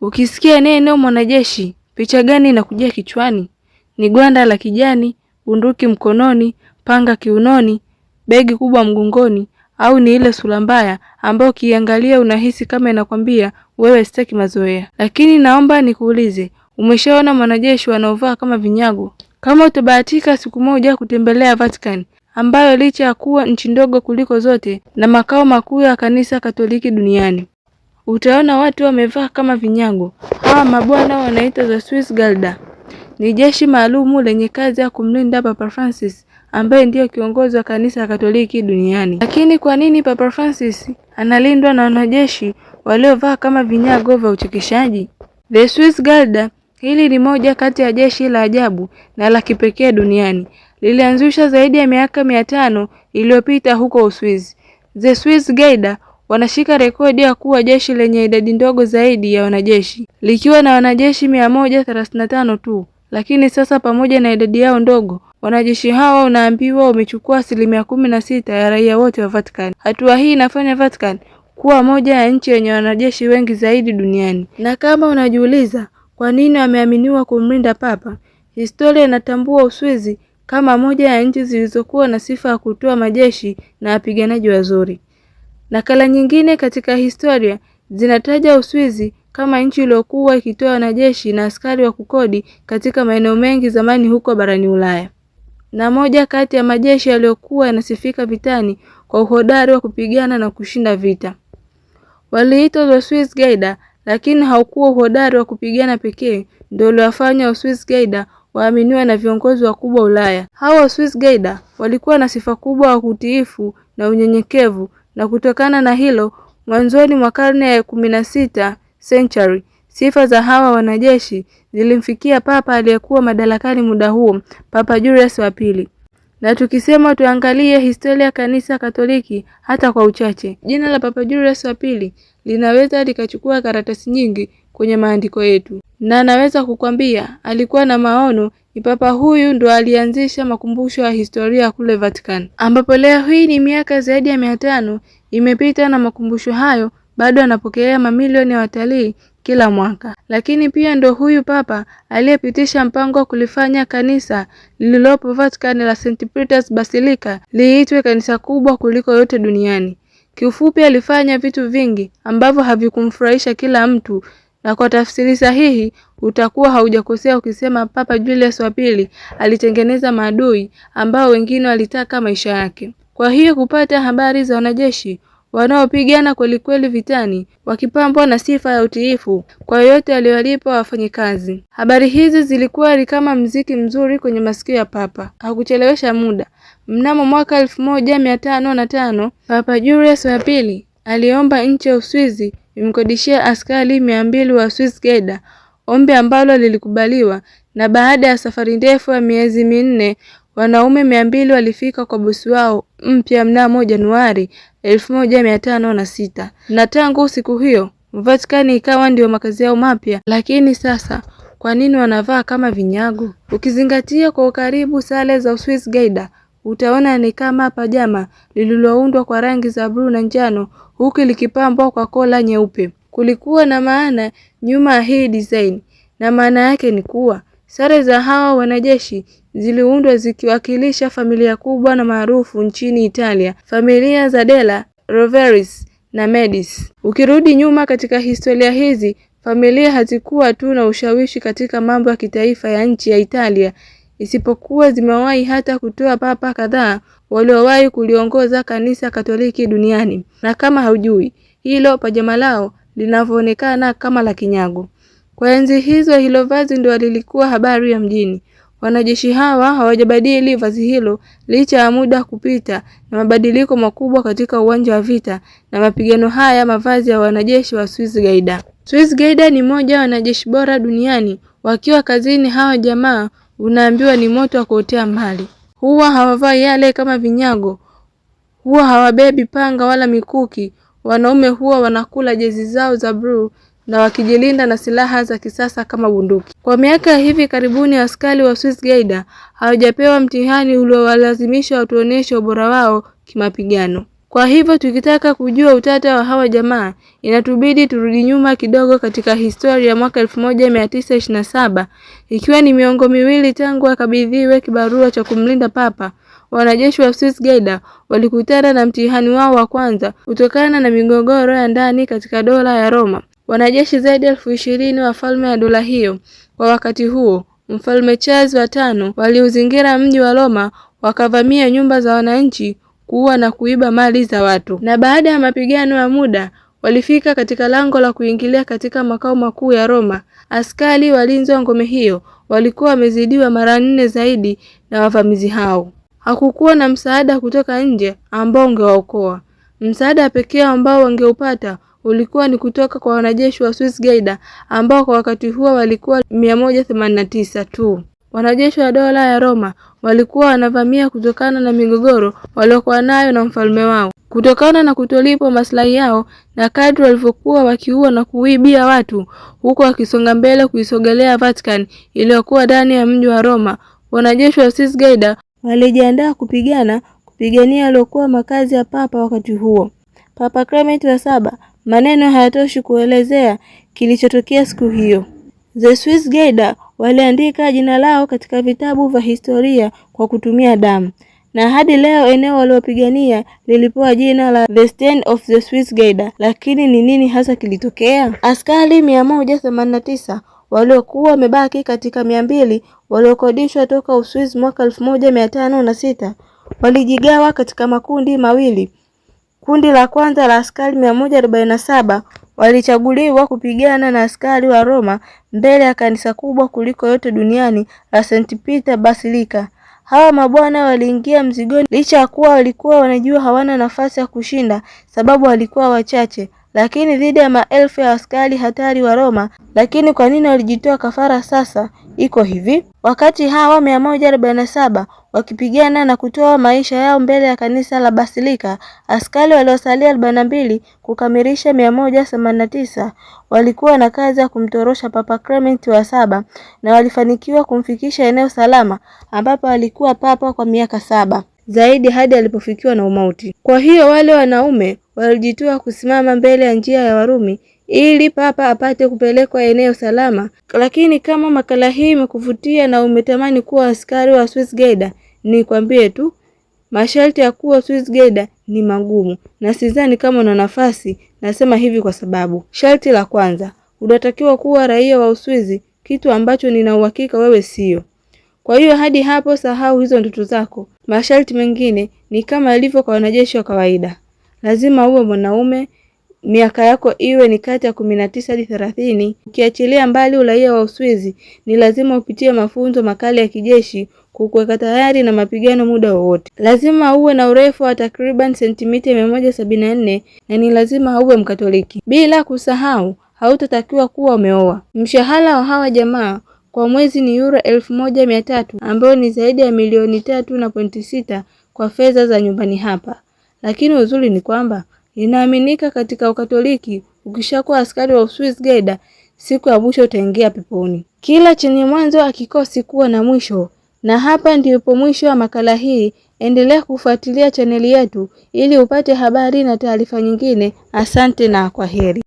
Ukisikia neno eneo mwanajeshi, picha gani inakujia kichwani? Ni gwanda la kijani, bunduki mkononi, panga kiunoni, begi kubwa mgongoni, au ni ile sura mbaya ambayo ukiangalia unahisi kama inakwambia wewe sitaki mazoea. Lakini naomba nikuulize, umeshaona mwanajeshi wanaovaa kama vinyago? Kama utabahatika siku moja kutembelea Vatican ambayo licha ya kuwa nchi ndogo kuliko zote na makao makuu ya kanisa Katoliki duniani, Utaona watu wamevaa kama vinyago. Hawa mabwana wanaitwa the Swiss Guard, Ni jeshi maalumu lenye kazi ya kumlinda Papa Francis ambaye ndiyo kiongozi wa kanisa Katoliki duniani. Lakini kwa nini Papa Francis analindwa na wanajeshi waliovaa kama vinyago vya uchekeshaji? The Swiss Guard hili ni moja kati ya jeshi la ajabu na la kipekee duniani. Lilianzishwa zaidi ya miaka mia tano iliyopita huko Uswizi. The Swiss Guard wanashika rekodi ya kuwa jeshi lenye idadi ndogo zaidi ya wanajeshi likiwa na wanajeshi 135 tu. Lakini sasa pamoja na idadi yao ndogo, wanajeshi hawa unaambiwa wamechukua asilimia kumi na sita ya raia wote wa Vatican. Hatua hii inafanya Vatican kuwa moja ya nchi yenye wanajeshi wengi zaidi duniani. Na kama unajiuliza kwa nini wameaminiwa kumlinda Papa, historia inatambua Uswizi kama moja ya nchi zilizokuwa na sifa ya kutoa majeshi na wapiganaji wazuri. Nakala nyingine katika historia zinataja Uswizi kama nchi iliyokuwa ikitoa wanajeshi na askari wa kukodi katika maeneo mengi zamani huko barani Ulaya, na moja kati ya majeshi yaliyokuwa yanasifika vitani kwa uhodari wa kupigana na kushinda vita. Waliitwa Waswissgeida, lakini haukuwa uhodari wa kupigana pekee ndio uliwafanya Waswissgeida waaminiwa na viongozi wakubwa Ulaya. Hawa Waswissgeida walikuwa na sifa kubwa ya utiifu na unyenyekevu na kutokana na hilo, mwanzoni mwa karne ya kumi na sita century sifa za hawa wanajeshi zilimfikia papa aliyekuwa madarakani muda huo, Papa Julius wa pili na tukisema tuangalie historia ya Kanisa Katoliki hata kwa uchache, jina la Papa Julius wa pili linaweza likachukua karatasi nyingi kwenye maandiko yetu, na anaweza kukwambia alikuwa na maono. Ni papa huyu ndo alianzisha makumbusho ya historia kule Vatican, ambapo leo hii ni miaka zaidi ya mia tano imepita na makumbusho hayo bado anapokelea mamilioni ya watalii kila mwaka. Lakini pia ndo huyu papa aliyepitisha mpango wa kulifanya kanisa lililopo Vatican la St Peter's Basilica liitwe kanisa kubwa kuliko yote duniani. Kiufupi, alifanya vitu vingi ambavyo havikumfurahisha kila mtu, na kwa tafsiri sahihi utakuwa haujakosea ukisema Papa Julius wa pili alitengeneza maadui ambao wengine walitaka maisha yake. Kwa hiyo kupata habari za wanajeshi wanaopigana kwelikweli vitani, wakipambwa na sifa ya utiifu kwa yoyote aliyowalipa wafanyikazi. Habari hizi zilikuwa ni kama mziki mzuri kwenye masikio ya Papa. Hakuchelewesha muda. Mnamo mwaka elfu moja mia tano na tano Papa Julius wa pili aliomba nchi ya Uswizi imkodishia askari mia mbili wa Swiss-Geda, ombi ambalo lilikubaliwa na baada ya safari ndefu ya miezi minne Wanaume mia mbili walifika kwa bosi wao mpya mnamo Januari tano na tangu siku hiyo Vatikani ikawa ndio makazi yao mapya. Lakini sasa kwa nini wanavaa kama vinyago? Ukizingatia kwa ukaribu sare za Swiss Guards utaona ni kama pajama lililoundwa kwa rangi za bluu na njano huku likipambwa kwa kola nyeupe. Kulikuwa na maana nyuma ya hii design na maana yake ni kuwa Sare za hawa wanajeshi ziliundwa zikiwakilisha familia kubwa na maarufu nchini Italia, familia za Della roveris na Medici. Ukirudi nyuma katika historia hizi, familia hazikuwa tu na ushawishi katika mambo ya kitaifa ya nchi ya Italia, isipokuwa zimewahi hata kutoa papa kadhaa waliowahi kuliongoza kanisa Katoliki duniani. Na kama haujui hilo, pajama lao linavyoonekana kama la kinyago. Kwa enzi hizo hilo vazi ndio lilikuwa habari ya mjini. Wanajeshi hawa hawajabadili vazi hilo licha ya muda kupita na mabadiliko makubwa katika uwanja wa vita na mapigano haya mavazi ya wanajeshi wa swiss Guard. swiss Guard ni moja wa wanajeshi bora duniani. Wakiwa kazini hawa jamaa unaambiwa ni moto wa kuotea mbali. Huwa hawavai yale kama vinyago. Huwa hawabebi panga wala mikuki. Wanaume huwa wanakula jezi zao za bluu na wakijilinda na silaha za kisasa kama bunduki. Kwa miaka ya hivi karibuni, askari wa Swiss-Guard hawajapewa mtihani uliowalazimisha watuoneshe ubora wao kimapigano. Kwa hivyo tukitaka kujua utata wa hawa jamaa, inatubidi turudi nyuma kidogo katika historia ya mwaka 1927 ikiwa ni miongo miwili tangu akabidhiwe kibarua cha kumlinda Papa. Wanajeshi wa Swiss-Guard walikutana na mtihani wao wa kwanza kutokana na migogoro ya ndani katika dola ya Roma wanajeshi zaidi ya elfu ishirini wa falme ya dola hiyo. Kwa wakati huo, mfalme Charles wa tano waliuzingira mji wa Roma, wakavamia nyumba za wananchi, kuua na kuiba mali za watu, na baada ya mapigano ya muda walifika katika lango la kuingilia katika makao makuu ya Roma. Askari walinzi wa ngome hiyo walikuwa wamezidiwa mara nne zaidi na wavamizi hao. Hakukuwa na msaada kutoka nje ambao ungewaokoa. Msaada pekee ambao wangeupata ulikuwa ni kutoka kwa wanajeshi wa swiss Guard ambao kwa wakati huo walikuwa 189 tu. Wanajeshi wa dola ya Roma walikuwa wanavamia kutokana na migogoro waliokuwa nayo na mfalme wao, kutokana na kutolipwa maslahi yao, na kadri walivyokuwa wakiua na kuibia watu, huku wakisonga mbele kuisogelea Vatican iliyokuwa ndani ya mji wa Roma. Wanajeshi wa swiss Guard walijiandaa kupigana kupigania waliokuwa makazi ya papa wakati huo. Papa Clement wa saba Maneno hayatoshi kuelezea kilichotokea siku hiyo. The Swiss Guards waliandika jina lao katika vitabu vya historia kwa kutumia damu, na hadi leo eneo waliopigania lilipewa jina la The Stand of the Swiss Guards. Lakini ni nini hasa kilitokea? Askari 189 waliokuwa wamebaki katika mia mbili waliokodishwa toka Uswizi mwaka 1506 walijigawa katika makundi mawili Kundi la kwanza la askari mia moja na saba walichaguliwa kupigana na askari wa Roma mbele ya kanisa kubwa kuliko yote duniani la St. Peter Basilica. Hawa mabwana waliingia mzigoni licha ya kuwa walikuwa wanajua hawana nafasi ya kushinda sababu walikuwa wachache, lakini dhidi ya maelfu ya askari hatari wa Roma. Lakini kwa nini walijitoa kafara? Sasa iko hivi, wakati hawa mia saba wakipigana na kutoa maisha yao mbele ya kanisa la Basilika, askari waliosalia arobaini mbili kukamilisha mia tisa walikuwa na kazi ya kumtorosha Papa Clement wa saba, na walifanikiwa kumfikisha eneo salama ambapo alikuwa papa kwa miaka saba zaidi hadi alipofikiwa na umauti. Kwa hiyo wale wanaume walijitoa kusimama mbele ya njia ya Warumi ili papa apate kupelekwa eneo salama. Lakini kama makala hii imekuvutia na umetamani kuwa askari wa Swiss Guards, nikwambie tu masharti ya kuwa Swiss Guards ni magumu na sidhani kama una nafasi. Nasema hivi kwa sababu, sharti la kwanza, unatakiwa kuwa raia wa Uswizi, kitu ambacho nina uhakika wewe sio. Kwa hiyo hadi hapo, sahau hizo ndoto zako. Masharti mengine ni kama ilivyo kwa wanajeshi wa kawaida lazima uwe mwanaume, miaka yako iwe ni kati ya kumi na tisa hadi thelathini. Ukiachilia mbali uraia wa Uswizi, ni lazima upitie mafunzo makali ya kijeshi kukuweka tayari na mapigano muda wowote. Lazima uwe na urefu wa takriban sentimita mia moja sabini na nne na ni lazima uwe Mkatoliki. Bila kusahau hautatakiwa kuwa umeoa. Mshahara wa hawa jamaa kwa mwezi ni yura elfu moja mia tatu ambayo ni zaidi ya milioni tatu na pointi sita kwa fedha za nyumbani hapa. Lakini uzuri ni kwamba inaaminika katika Ukatoliki ukishakuwa askari wa Uswizgeda, siku ya mwisho utaingia peponi. Kila chenye mwanzo akikosi kuwa na mwisho, na hapa ndipo mwisho wa makala hii. Endelea kufuatilia chaneli yetu ili upate habari na taarifa nyingine. Asante na kwaheri.